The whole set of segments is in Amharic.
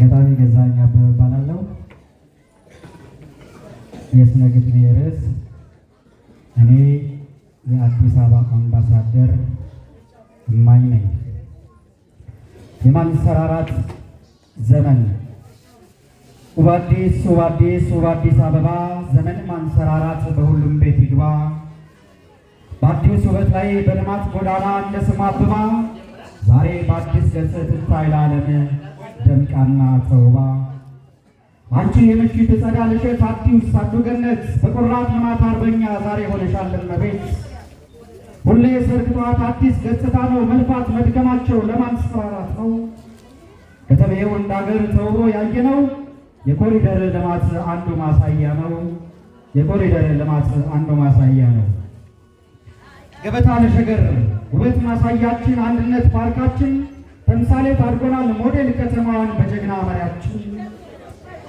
ገጣሚ ገዛኸኝ አበበ እባላለሁ። የሥነ ርዕስ እኔ የአዲስ አበባ አምባሳደር እማኝ ነኝ። የማንሰራራት ዘመን ውብ አዲስ ውብ አዲስ ውብ አዲስ አበባ ዘመን ማንሰራራት በሁሉም ቤት ይግባ። በአዲስ ውበት ላይ በልማት ጎዳና እንደ አብባ ዛሬ በአዲስ ገጽ ትታይ ለዓለም ደምቃና ተውባ አንቺ የምሽት ጸዳል እሸት አዲስ ሳዱ ገነት በቆራት ልማት አርበኛ ዛሬ ሆነሻል እመቤት። ሁሌ ሰርክ ጠዋት አዲስ ገጽታ ነው መልፋት መድከማቸው ለማንስፈራራት ነው። ከተሜው እንደ አገር ተውሮ ያየነው የኮሪደር ልማት አንዱ ማሳያ ነው። የኮሪደር ልማት አንዱ ማሳያ ነው። ገበታ ለሸገር ውበት ማሳያችን አንድነት ፓርካችን ተምሳሌት አድርጎናል። ሞዴል ከተማዋን በጀግና መሪያችን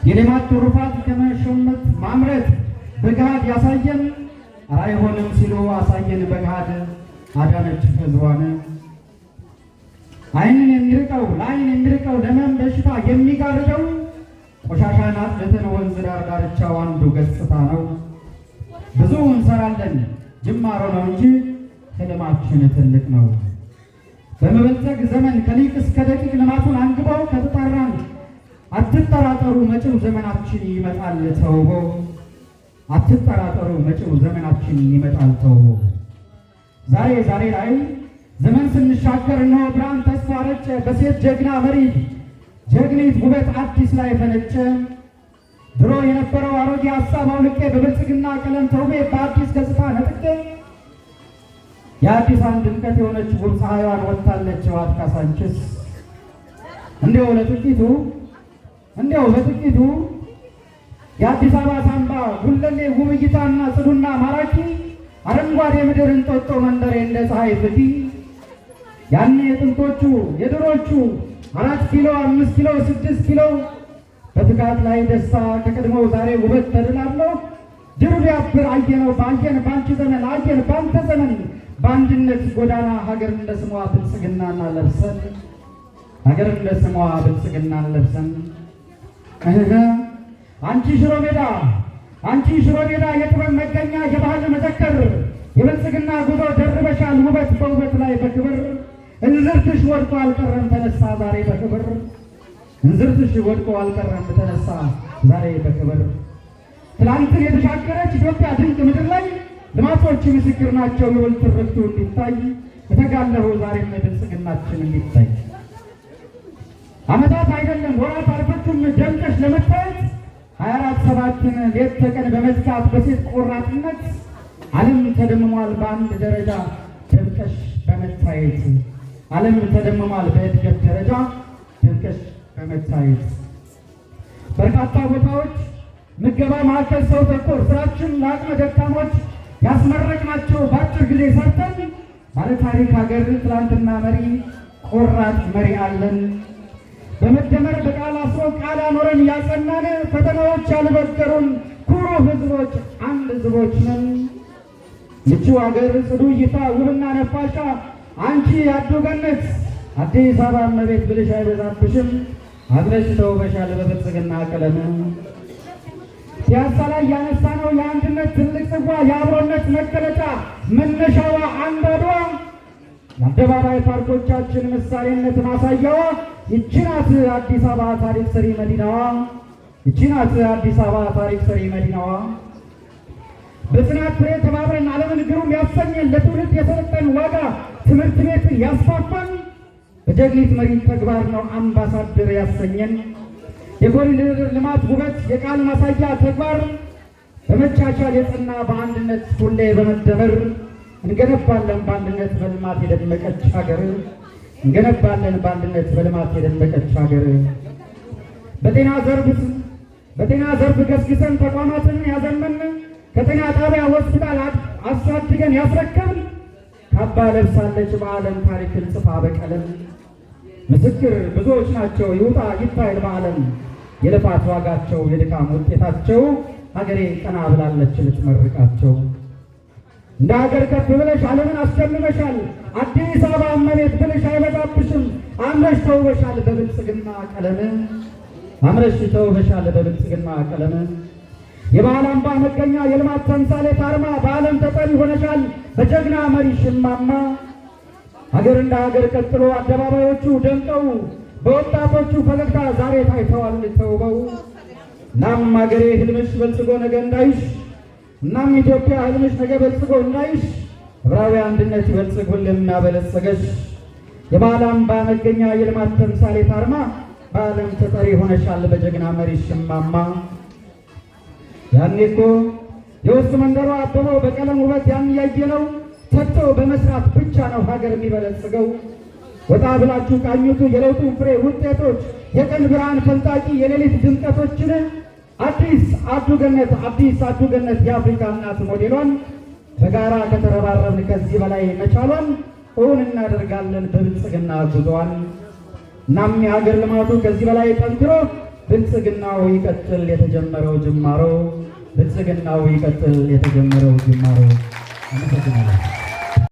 የልማት ትሩፋት ከመሸመት ማምረት በገሃድ ያሳየን አይሆንም ሲሉ አሳየን በገሃድ አዳነች ህዝቧን። አይንን የሚርቀው ለአይን የሚርቀው ለመን በሽታ የሚጋርደው ቆሻሻን አጥልተን ወንዝ ዳር ዳርቻው አንዱ ገጽታ ነው። ብዙ እንሰራለን ጅማሮ ነው እንጂ ህልማችን ትልቅ ነው። በመበልጸግ ዘመን ከሊቅ እስከ ደቂቅ ልማቱን አንግበው ከተጣራን አትጠራጠሩ መጪው ዘመናችን ይመጣል ተው አትጠራጠሩ መጪው ዘመናችን ይመጣል ተውቦ። ዛሬ ዛሬ ላይ ዘመን ስንሻገር እነሆ ብርሃን ተስፋ ረጨ በሴት ጀግና መሪ ጀግኒት ውበት አዲስ ላይ ፈነጨ። ድሮ የነበረው አሮጌ ሀሳብ አውልቄ በብልጽግና ቀለም ተውቤ በአዲስ ገጽታ ነጥቄ የአዲሷን ድምቀት የሆነች ውብ ፀሐይዋን ወጥታለች ዋትካ ሳንቼዝ። እንዲያው ለጥቂቱ እንዲያው በጥቂቱ የአዲስ አበባ ሳምባ ጉለሌ ውብ እይታና ጽዱና ማራኪ አረንጓዴ ምድር እንጦጦ መንደሬ እንደ ፀሐይ ፍቲ ያኔ የጥንቶቹ የድሮቹ አራት ኪሎ፣ አምስት ኪሎ፣ ስድስት ኪሎ በትጋት ላይ ደስታ ከቀድሞው ዛሬ ውበት ተድላለሁ ድሩ ቢያብር አየነው ባየን ባንቺ ዘመን አየን ባንተ ዘመን በአንድነት ጎዳና ሀገር እንደ ስሟ ብልጽግናና ለብሰን ሀገር እንደ ስሟ ብልጽግናን ለብሰን አንቺ ሽሮ ሜዳ አንቺ ሽሮ ሜዳ የጥበብ መገኛ የባህል መዘከር የብልጽግና ጉዞ ደርበሻል ውበት በውበት ላይ በክብር እንዝርትሽ ወድቆ አልቀረም ተነሳ ዛሬ በክብር እንዝርትሽ ወድቆ አልቀረም ተነሳ ዛሬ በክብር ትላንትን የተሻገረች ኢትዮጵያ ድንቅ ልማቶች ምስክር ናቸው የብል ትርክቱ እንዲታይ የተጋለፈው ዛሬም የብልጽግናችን እንዲታይ አመታት አይደለም ወራት አልፈቱም ደምቀሽ ለመታየት ሀያ አራት ሰባትን ሌት ተቀን በመዝጋት በሴት ቆራጥነት ዓለም ተደምሟል በአንድ ደረጃ ደምቀሽ በመታየት ዓለም ተደምሟል በእድገት ደረጃ ደምቀሽ በመታየት በርካታ ቦታዎች ምገባ ማዕከል ሰው ተኮር ስራችን ለአቅመ ደካሞች ያስመረቅናቸው በአጭር ጊዜ ሰርተን ባለታሪክ ሀገር ትላንትና መሪ ቆራጥ መሪ አለን። በመደመር በቃል አስሮ ቃል አኖረን ያጸናን ፈተናዎች ያልበገሩን ኩሩ ህዝቦች አንድ ህዝቦች ነን። ምቹ ሀገር፣ ጽዱ እይታ፣ ውብና ነፋሻ አንቺ ያዱገነት አዲስ አበባ መቤት ብልሽ አይበዛብሽም አብረሽ ተውበሻል በብልጽግና ቀለም ፒያሳ ላይ ያነሳ ትልቋ የአብሮነት መገለጫ መነሻዋ አንዳዷ የአደባባይ ፓርኮቻችን ምሳሌነት ማሳያዋ ይቺ አዲስ አበባ ታሪክ ሰሪ መዲናዋ። ይቺ አዲስ አበባ ታሪክ ሰሪ መዲናዋ። በጽናት ፍሬ ተባብረን ዓለምን ግሩም ያሰኘን ለትውልድ የሰጠን ዋጋ ትምህርት ቤትን ያስፋፋን በጀግኒት መሪ ተግባር ነው አምባሳደር ያሰኘን የኮሪደር ልማት ውበት የቃል ማሳያ ተግባር በመቻቻል የጸና በአንድነት ሁሌ በመደመር እንገነባለን በአንድነት በልማት የደመቀች ሀገር እንገነባለን በአንድነት በልማት የደመቀች ሀገር። በጤና ዘርፍ በጤና ዘርፍ ገስግሰን ተቋማትን ያዘመን ከጤና ጣቢያ ሆስፒታል አሳድገን ያስረከብን ካባ ለብሳለች በዓለም ታሪክን ጽፋ በቀለም ምስክር ብዙዎች ናቸው ይውጣ ይታይል በዓለም የልፋት ዋጋቸው የድካም ውጤታቸው ሀገሬ ቀና ብላለች ልትመርቃቸው። እንደ ሀገር ከፍ ብለሽ ዓለምን አስደምመሻል። አዲስ አበባ መሬት ብለሽ አይበዛብሽም። አምረሽ ተውበሻል በብልጽግና ቀለም፣ አምረሽ ተውበሻል በብልጽግና ቀለም። የባህል አምባ መገኛ የልማት ተምሳሌት አርማ በዓለም ተጠሪ ሆነሻል በጀግና መሪ ሽማማ ሀገር እንደ ሀገር ቀጥሎ አደባባዮቹ ደምቀው በወጣቶቹ ፈገግታ ዛሬ ታይተዋል ተውበው እናም ሀገሬ ህልምሽ በልጽጎ ነገ እንዳይሽ፣ እናም ኢትዮጵያ ህልምሽ ነገ በልጽጎ እንዳይሽ፣ ህብራዊ አንድነት ይበልጽግ ሁልና በለጸገሽ። የባለ አምባ መገኛ የልማት ተምሳሌት አርማ በዓለም ተጠሪ ሆነሻል በጀግና መሪሽ እማማ። ያኔ እኮ የውስጥ መንደሯ አብቦ በቀለም ውበት ያን ያየነው ተግቶ በመስራት ብቻ ነው ሀገር የሚበለጽገው። ወጣ ብላችሁ ቃኙቱ የለውጡን ፍሬ ውጤቶች የቀን ብርሃን ፈልጣቂ የሌሊት ድምቀቶችን አዲስ አብዱገነት አዲስ አብዱገነት የአፍሪካ እናት ሞዴሏን በጋራ ከተረባረብን ከዚህ በላይ መቻሏን እውን እናደርጋለን በብልጽግና ጉዞዋን። እናም የሀገር ልማቱ ከዚህ በላይ ጠንክሮ ብልጽግናው ይቀጥል የተጀመረው ጅማሮ ብልጽግናው ይቀጥል የተጀመረው ጅማሮ። አመሰግናለሁ።